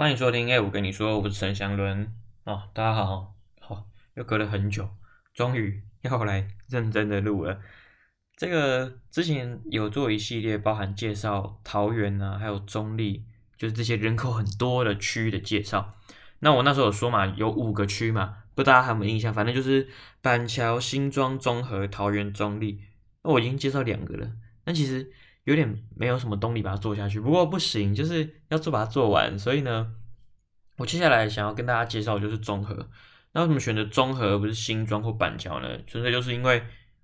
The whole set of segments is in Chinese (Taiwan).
歡迎收聽 A，我跟你說，我是陳祥倫、哦、大家好，好、哦，又隔了很久，終於要來認真的錄了。這個之前有做一系列，包含介紹桃園呢、啊，還有中壢，就是這些人口很多的區域的介紹。那我那時候有說嘛，有五個區嘛，不知道大家有沒印象？反正就是板橋、新莊、中和、桃園、中壢。那我已經介紹兩個了，那其實。有點沒有什麼動力把它做下去，不過不行，就是要做，把它做完。所以呢，我接下來想要跟大家介紹就是中和。那為什麼選擇中和而不是新莊或板橋呢？純粹就是因為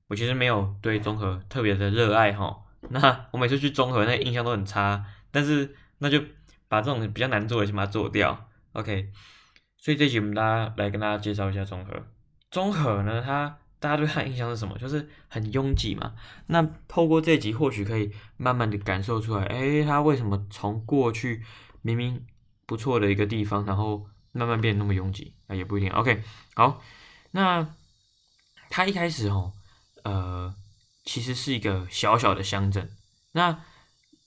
我其實沒有對中和特別的熱愛哈。那我每次去中和那個印象都很差，但是那就把這種比較難做的先把它做掉。OK，所以這集我們大家來跟大家介紹一下中和。中和呢，它。大家對他印象是什麼？就是很擁擠嘛。那透過這集，或許可以慢慢的感受出來，哎，他為什麼從過去明明不錯的一個地方，然後慢慢變得那麼擁擠？那也不一定。OK，好，那他一開始吼、哦，呃，其實是一個小小的鄉鎮。那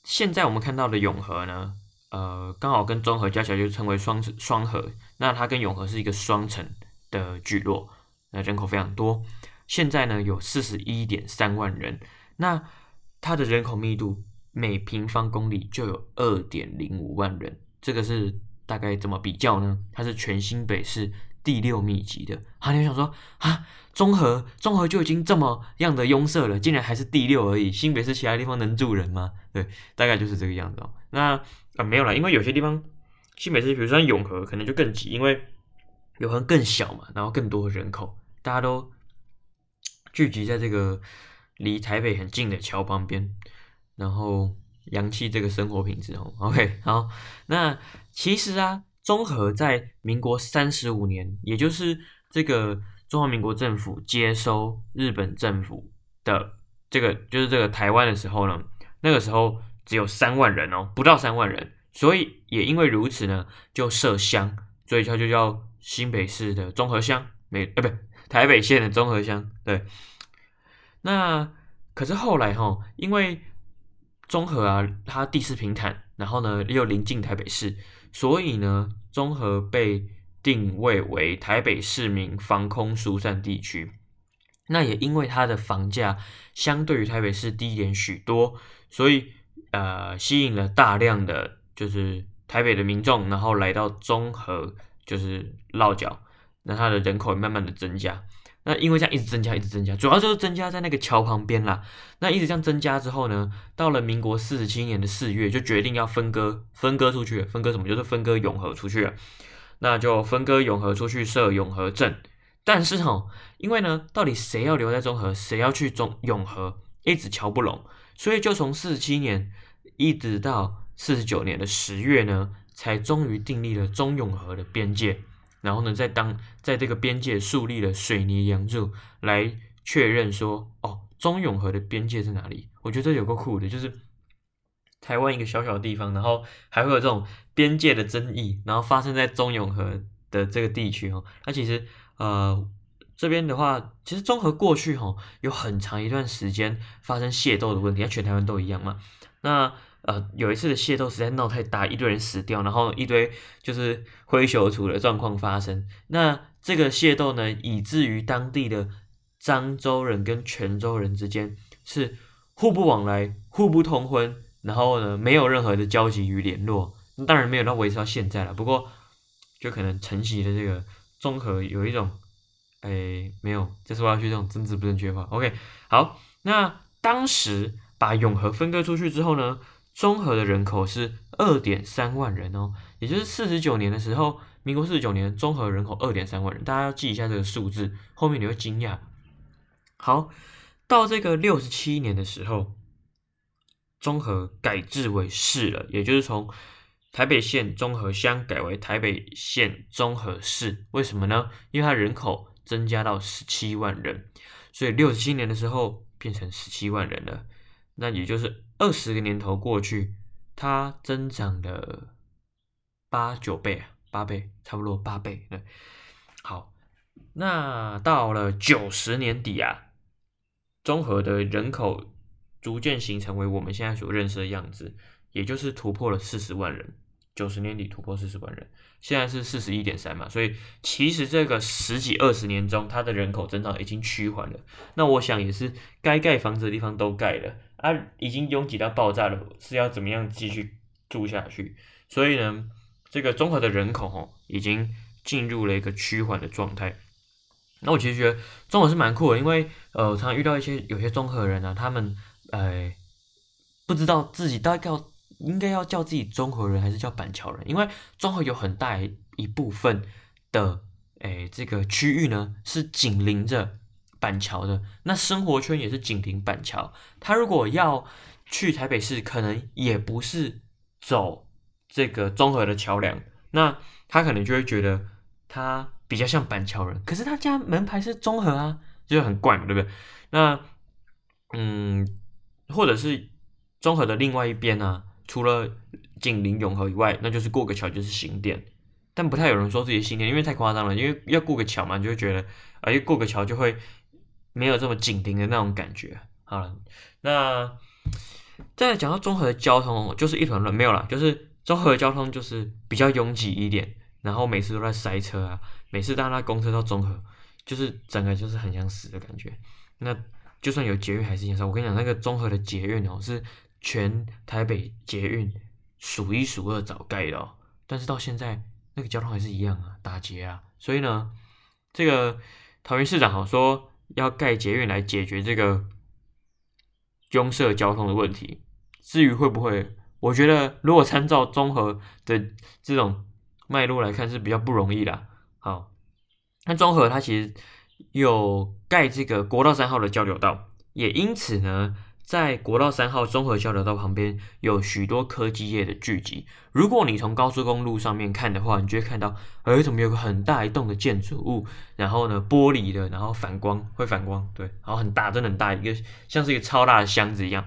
現在我們看到的永和呢，呃，剛好跟中和加起來就稱為雙雙和。那他跟永和是一個雙城的聚落。那人口非常多，現在呢，有四十一點三萬人，那它的人口密度每平方公里就有二點零五萬人，這個是大概怎麼比較呢？它是全新北市第六密集的。啊，你想說啊，中和中和就已經這麼樣的擁塞了，竟然還是第六而已。新北市其他地方能住人嗎？對，大概就是這個樣子喔。哦。那啊沒有了，因為有些地方新北市，比如說像永和，可能就更擠，因為永和更小嘛，然後更多人口。大家都聚集在這個離台北很近的橋旁邊，然後揚氣這個生活品質哦，OK，好，那其實啊，中和在民國三十五年，也就是這個中華民國政府接收日本政府的這個，就是這個台灣的時候呢，那個時候只有三萬人哦、喔，不到三萬人，所以也因為如此呢，就設鄉，所以它就叫新北市的中和鄉，沒，哎、欸，不、欸。台北縣的中和鄉，對，那可是後來哈，因為中和啊，它地勢平坦，然後呢又臨近台北市，所以呢，中和被定位為台北市民防空疏散地區。那也因為它的房價相對於台北市低點許多，所以呃，吸引了大量的就是台北的民眾，然後來到中和就是落腳。那它的人口也慢慢的增加，那因為這樣一直增加，一直增加，主要就是增加在那個橋旁邊啦。那一直這樣增加之後呢，到了民國四十七年的四月，就決定要分割，分割出去，分割什麼？就是分割永和出去了。那就分割永和出去設永和鎮。但是吼，因為呢，到底誰要留在中和，誰要去中永和，一直喬不攏，所以就從四十七年一直到四十九年的十月呢，才終於訂立了中永和的邊界。然後呢，在當在這個邊界樹立了水泥梁柱，來確認說，哦，中永和的邊界在哪裡？我覺得這有個酷的就是，台灣一個小小的地方，然後還會有這種邊界的爭議，然後發生在中永和的這個地區哦。那、啊、其實，呃，這邊的話，其實中和過去哈，有很長一段時間發生械鬥的問題，啊，全台灣都一樣嘛。那。呃，有一次的械鬥實在鬧太大，一堆人死掉，然後一堆就是灰熊土的狀況發生。那這個械鬥呢，以至於當地的漳州人跟泉州人之間是互不往來、互不通婚，然後呢，沒有任何的交集與聯絡，當然沒有能維持到現在了。不過，就可能陳襲的這個綜合有一種，哎、欸，沒有，這是我要去這種政治不正確化。OK，好，那當時把永和分割出去之後呢？中和的人口是二點三萬人哦，也就是四十九年的時候，民國四十九年，中和人口二點三萬人，大家要記一下這個數字，後面你會驚訝。好，到這個六十七年的時候，中和改制為市了，也就是從台北縣中和鄉改為台北縣中和市。為什麼呢？因為它人口增加到十七萬人，所以六十七年的時候變成十七萬人了，那也就是。二十個年頭過去，它增長了八九倍啊，八倍，差不多八倍。對，好，那到了九十年底啊，中和的人口逐漸形成為我們現在所認識的樣子，也就是突破了四十萬人。九十年底突破四十萬人，現在是四十一點三嘛，所以其實這個十幾二十年中，它的人口增長已經趨緩了。那我想也是該蓋房子的地方都蓋了。啊，已經擁擠到爆炸了，是要怎麼樣繼續住下去？所以呢，這個中和的人口哦，已經進入了一個趨緩的狀態。那我其實覺得中和是蠻酷的，因為呃，我常常遇到一些有些中和人呢、啊，他們哎、呃、不知道自己到底要應該要叫自己中和人還是叫板橋人，因為中和有很大一部分的哎、呃、這個區域呢是緊鄰着。板橋的那生活圈也是緊鄰板橋，他如果要去台北市，可能也不是走這個中和的橋樑，那他可能就會覺得他比較像板橋人，可是他家門牌是中和啊，就很怪嘛，對不對？那嗯，或者是中和的另外一邊呢、啊？除了緊鄰永和以外，那就是過個橋就是新店，但不太有人說自己新店，因為太誇張了，因為要過個橋嘛，就會覺得啊，一、呃、過個橋就會。沒有這麼緊盯的那種感覺。好了，那再講到中和的交通，就是一團亂，沒有啦。就是中和的交通就是比較擁擠一點，然後每次都在塞車啊，每次大家公車到中和，就是整個就是很想死的感覺。那就算有捷運還是一樣，我跟你講，那個中和的捷運哦，是全台北捷運數一數二早蓋的，哦，但是到現在那個交通還是一樣啊，打結。啊，所以呢，這個桃園市長好說。要蓋捷運來解決這個壅塞交通的問題，至於會不會，我覺得如果參照中和的這種脈絡來看是比較不容易的。好，那中和它其實有蓋這個國道三號的交流道，也因此呢。在國道三號綜合交流道旁邊有許多科技業的聚集。如果你從高速公路上面看的話，你就會看到，哎，怎麼有個很大一棟的建築物？然後呢，玻璃的，然後反光會反光，對，然後很大，真的很大，一個像是一個超大的箱子一樣。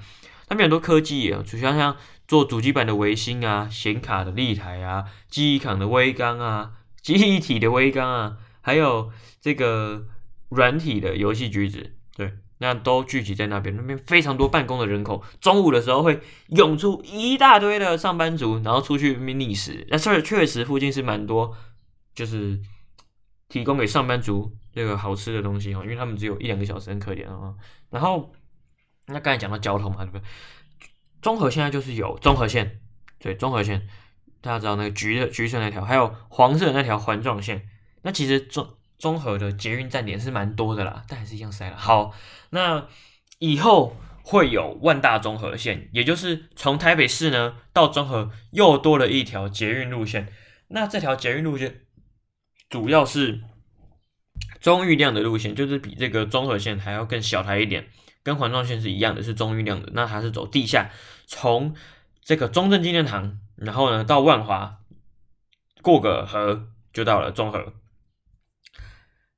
他們很多科技也有，就像像做主機板的微星啊，顯卡的麗台啊，記憶卡的威剛啊，記憶體的威剛啊，還有這個軟體的遊戲橘子，對。那都聚集在那邊，那邊非常多辦公的人口。中午的時候會湧出一大堆的上班族，然後出去覓食。那、啊、確實確實，附近是蠻多，就是提供給上班族這個好吃的東西哈，因為他們只有一兩個小時，很可憐啊。然後，那剛才講到交通嘛，對不對？綜合線，就是有綜合線，對，綜合線，大家知道那個橘橘色那條，還有黃色那條環狀線，那其實綜。中和的捷運站點是蠻多的啦，但還是一樣塞啦。好，那以後會有萬大中和線，也就是從台北市呢到中和又多了一條捷運路線。那這條捷運路線主要是中運量的路線，就是比這個中和線還要更小台一點，跟環狀線是一樣的，是中運量的。那還是走地下，從這個中正紀念堂，然後呢到萬華，過個河就到了中和。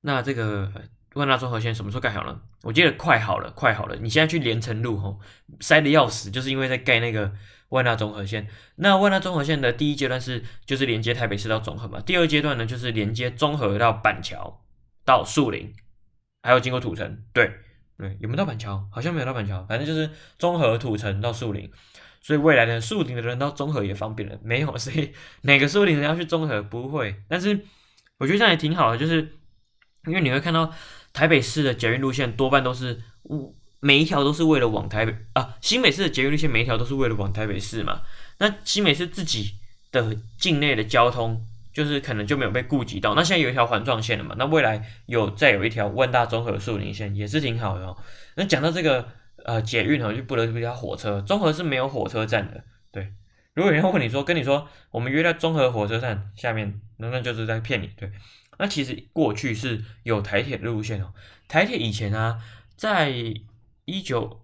那這個萬大中和線什麼時候蓋好了？我記得快好了，快好了。你現在去連城路吼塞得要死，就是因為在蓋那個萬大中和線。那萬大中和線的第一階段是就是連接台北市到中和嘛，第二階段呢就是連接中和到板橋到樹林，還有經過土城。對對，有沒有到板橋？好像沒有到板橋，反正就是中和土城到樹林。所以未來的樹林的人到中和也方便了，沒有，所以哪個樹林的人要去中和？不會，但是我覺得這樣也挺好的，就是。因為你會看到台北市的捷運路線多半都是，每一條都是為了往台北啊，新北市的捷運路線每一條都是為了往台北市嘛。那新北市自己的境內的交通就是可能就沒有被顧及到。那現在有一條環狀線了嘛，那未來有再有一條萬大中和樹林線也是挺好的哦。那講到這個呃捷運哦，運的話就不能不提火車。中和是沒有火車站的，對。如果有人問你說跟你說我們約在中和火車站下面，那那就是在騙你，對。那其實過去是有台鐵的路線哦、喔，台鐵以前啊，在一九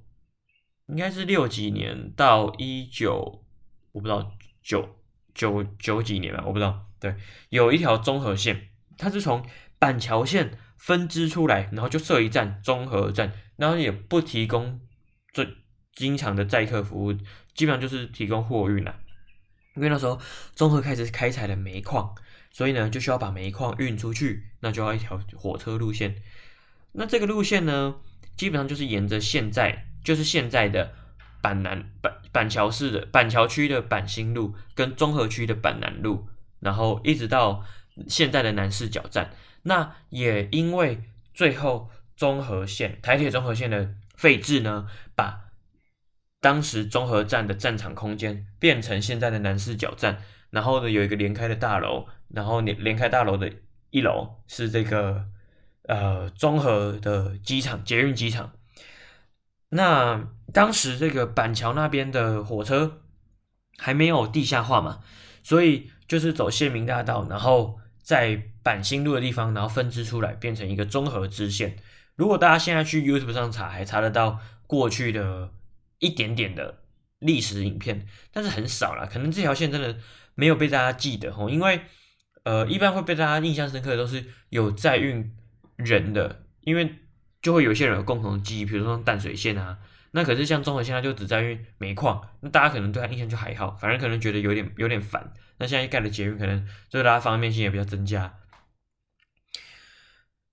應該是六幾年到一九，我不知道九九九幾年吧，我不知道，對，有一條中和線，它是從板橋線分支出來，然後就設一站中和站，然後也不提供最經常的載客服務，基本上就是提供貨運啦。因為那時候中和開始開採了煤礦，所以呢就需要把煤礦運出去，那就要一條火車路線。那這個路線呢，基本上就是沿着現在，就是現在的板南板板橋市的板橋區的板新路跟中和區的板南路，然後一直到現在的南勢角站。那也因為最後中和線，台鐵中和線的廢止呢，把當時中和站的站場空間變成現在的南勢角站，然後呢，有一個連開的大樓，然後連連開大樓的一樓是這個呃中和的機廠，捷運機廠。那當時這個板橋那邊的火車還沒有地下化嘛，所以就是走縣民大道，然後在板新路的地方，然後分支出來變成一個中和支線。如果大家現在去 YouTube 上查，還查得到過去的。一點點的歷史影片，但是很少啦，可能這條線真的沒有被大家記得哦，因為呃，一般會被大家印象深刻的都是有在運人的，因為就會有些人有共同記憶，比如說淡水線啊，那可是像中和線它就只在運煤礦，那大家可能對他印象就還好，反而可能覺得有點有點煩，那現在蓋了捷運，可能對大家方便性也比較增加。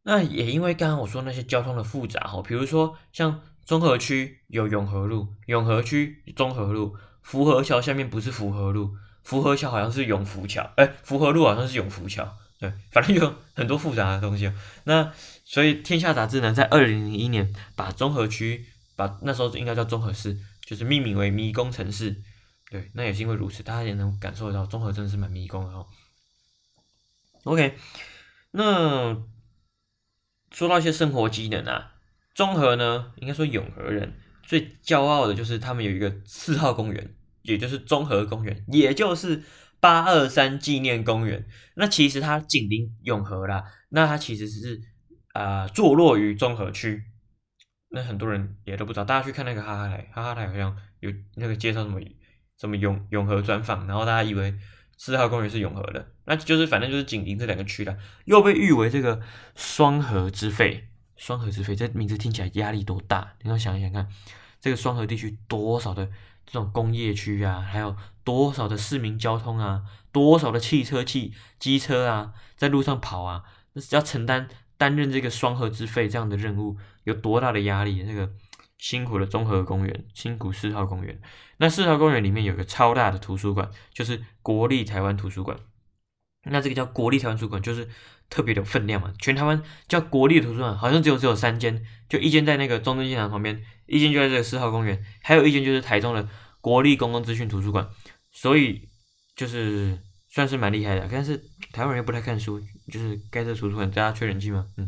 那也因為剛剛我說那些交通的複雜哦，比如說像。中和區有永和路，永和區有中和路，福和橋下面不是福和路，福和橋好像是永福橋，哎，福和路好像是永福橋，對，反正有很多複雜的東西。那所以天下雜誌呢，在二零零一年把中和區，把那時候應該叫中和市，就是命名為迷宮城市。對，那也是因為如此，大家也能感受到中和真的是蠻迷宮的哦。OK，那說到一些生活機能啊。中和呢，應該說永和人最驕傲的就是他們有一個四號公園，也就是中和公園，也就是八二三紀念公園。那其實它緊鄰永和啦，那它其實是啊、呃，坐落於中和區。那很多人也都不知道，大家去看那個哈哈台哈哈台，好像有那個介紹什麼什麼永永和專訪，然後大家以為四號公園是永和的，那就是反正就是緊鄰這兩個區的，又被譽為這個雙和之肺。雙和之肺，這名字聽起來壓力多大？你要想一想看，這個雙和地區多少的這種工業區啊，還有多少的市民交通啊，多少的汽車、汽機車啊，在路上跑啊，那只要承擔擔任這個雙和之肺這樣的任務，有多大的壓力？那、這個辛苦的綜合公園，辛苦四號公園，那四號公園裡面有個超大的圖書館，就是國立台灣圖書館。那這個叫國立台灣圖書館，就是特別有分量嘛。全台灣叫國立圖書館好像只有只有三間，就一間在那個中正紀念堂旁邊，一間就在這個四號公園，還有一間就是台中的國立公共資訊圖書館。所以就是算是蠻厲害的，但是台灣人又不太看書，就是蓋這圖書館大家缺人氣嘛。嗯，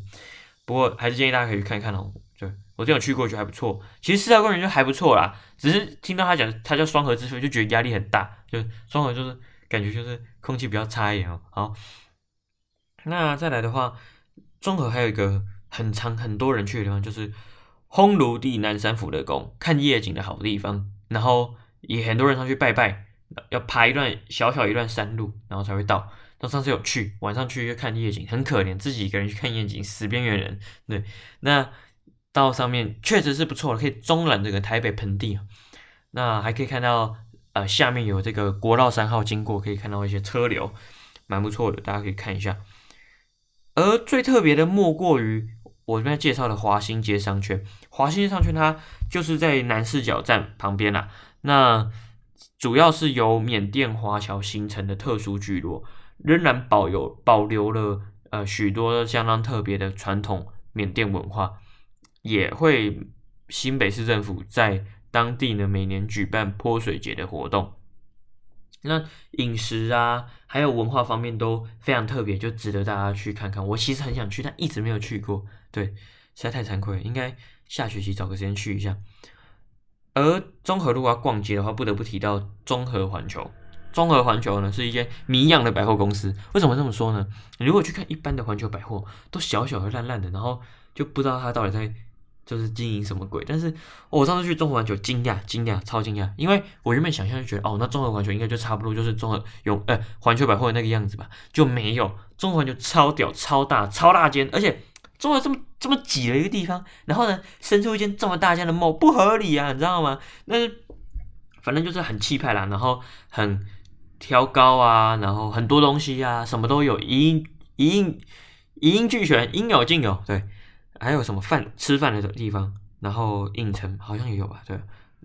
不過還是建議大家可以去看一看哦。對，我之前去過就還不錯，其實四號公園就還不錯啦，只是聽到他講他叫雙和之付就覺得壓力很大，就雙和就是。感覺就是空氣比較差一點哦。好，那再來的話，中和還有一個很長很多人去的地方，就是烘爐地南山福德宮，看夜景的好地方。然後也很多人上去拜拜，要爬一段小小一段山路，然後才會到。那上次有去，晚上去又看夜景，很可憐，自己一個人去看夜景，死邊緣人。對，那到上面確實是不錯的，可以中覽這個台北盆地，那還可以看到。下面有這個國道三號經過，可以看到一些車流，蠻不錯的，大家可以看一下。而最特別的莫過於我這邊介紹的華新街商圈，華新街商圈它就是在南勢角站旁邊啦、啊。那主要是由緬甸華僑形成的特殊聚落，仍然保有保留了呃許多相當特別的傳統緬甸文化，也會新北市政府在。當地呢，每年舉辦潑水節的活動，那飲食啊還有文化方面都非常特別，就值得大家去看看。我其實很想去，但一直沒有去過，對，實在太慚愧了，應該下學期找個時間去一下。而中和路啊逛街的話，不得不提到中和環球。中和環球呢是一間謎樣的百貨公司，為什麼這麼說呢？你如果去看一般的環球百貨，都小小和爛爛的，然後就不知道它到底在。就是經營什麼鬼，但是、哦、我上次去中和環球驚訝驚訝超驚訝，因為我原本想象就覺得哦，那中和環球應該就差不多就是中和有，呃、欸，環球百貨那個樣子吧，就沒有，中和環球超屌超大超大間，而且中和這麼這麼擠的一個地方，然後呢伸出一間這麼大間的夢，不合理啊，你知道嗎？那反正就是很氣派啦，然後很挑高啊，然後很多東西啊，什麼都有，一應一應一應俱全，應有盡有，對。還有什麼飯吃飯的地方，然後影城好像也有吧，對，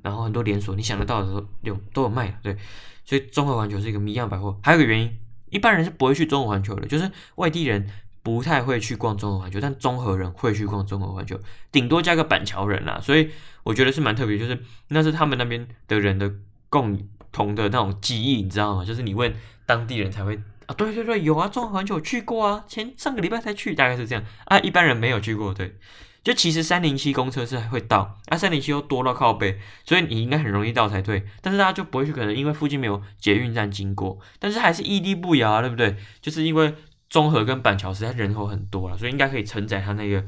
然後很多連鎖，你想得到的都，都有都有賣，對。所以中和環球是一個謎樣百貨。還有個原因，一般人是不會去中和環球的，就是外地人不太會去逛中和環球，但中和人會去逛中和環球，頂多加個板橋人啦。所以我覺得是蠻特別，就是那是他們那邊的人的共同的那種記憶，你知道嗎？就是你問當地人才會。啊，對對對，有啊，中和環球我去過啊，前上個禮拜才去，大概是這樣啊。一般人沒有去過，對。就其實三零七公車是會到啊，三零七又多到靠北，所以你應該很容易到才對。但是大家就不會去，可能因為附近沒有捷運站經過，但是還是屹立不搖啊，對不對？就是因為中和跟板橋實在人口很多了，所以應該可以承載它那個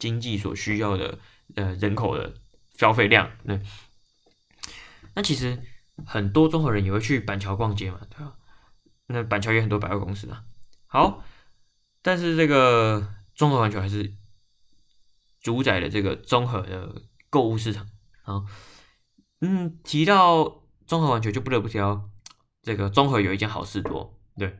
經濟所需要的呃人口的消費量，對。那其實很多中和人也會去板橋逛街嘛，對吧？那板橋也有很多百貨公司啊，好，但是這個中和環球還是主宰了這個中和的購物市場。好，嗯，提到中和環球就不得不提到這個中和有一間好市多。對，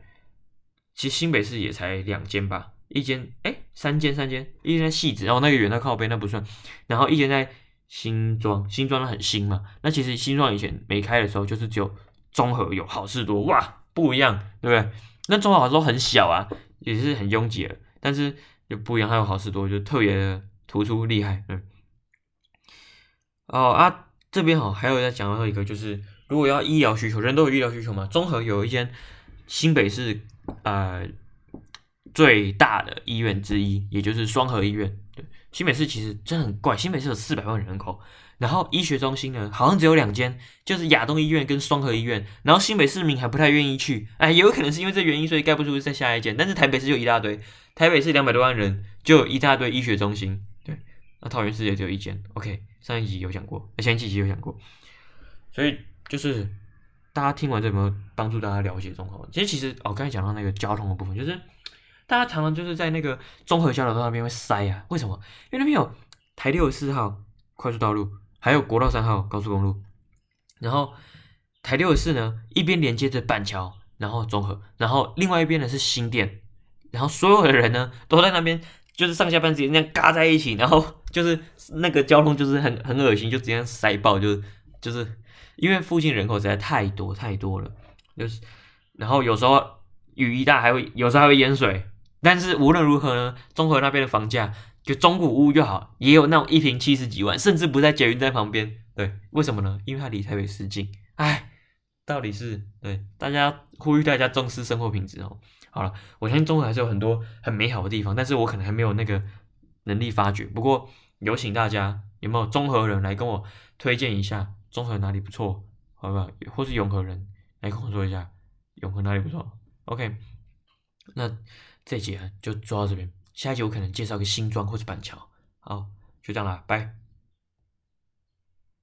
其實新北市也才兩間吧，一間哎、欸、三間三間，一間在汐止，然後那個遠的靠北那不算，然後一間在新莊，新莊很新嘛。那其實新莊以前沒開的時候，就是只有中和有好市多哇。不一樣，對不對？那中和好像都很小啊，也是很擁擠的，但是就不一樣，還有好事多就特別的突出厲害，嗯。哦啊，這邊好還有要講到一個，就是如果要醫療需求，人都有醫療需求嘛。中和有一間新北市呃最大的醫院之一，也就是雙和醫院。對，新北市其實真很怪，新北市有四百萬人口。然後醫學中心呢，好像只有兩間，就是亞東醫院跟雙和醫院。然後新北市民還不太願意去，哎，也有可能是因為這原因，所以蓋不出再下一間。但是台北市就有一大堆，台北市兩百多萬人就有一大堆醫學中心。對，那、啊、桃園市也只有一間。OK，上一集有講過，呃、前幾集有講過。所以就是大家聽完這有沒有幫助大家了解中和？其實其實哦，剛才講到那個交通的部分，就是大家常常就是在那個中和交流道那邊會塞呀、啊，為什麼？因為那邊有台六四號快速道路。還有國道三號高速公路，然後台六十四呢，一邊連接着板橋，然後中和，然後另外一邊呢是新店，然後所有的人呢都在那邊，就是上下班直接這樣嘎在一起，然後就是那個交通就是很很噁心，就直接塞爆，就是就是因為附近人口實在太多太多了，就是然後有時候雨一大還會有時候還會淹水，但是無論如何呢，中和那邊的房價。就中古屋就好，也有那種一坪七十幾萬，甚至不在捷運站旁邊。對，為什麼呢？因為它離台北市近。哎，到底是對！大家呼籲大家重視生活品質哦、喔。好了，我相信中和還是有很多很美好的地方，但是我可能還沒有那個能力發掘。不過有請大家有沒有中和人來跟我推薦一下中和哪裡不錯，好不好？或是永和人來跟我說一下永和哪裡不錯？OK，那這節就做到這邊。下一集我可能介紹個新莊或者板橋，好，就這樣了，拜。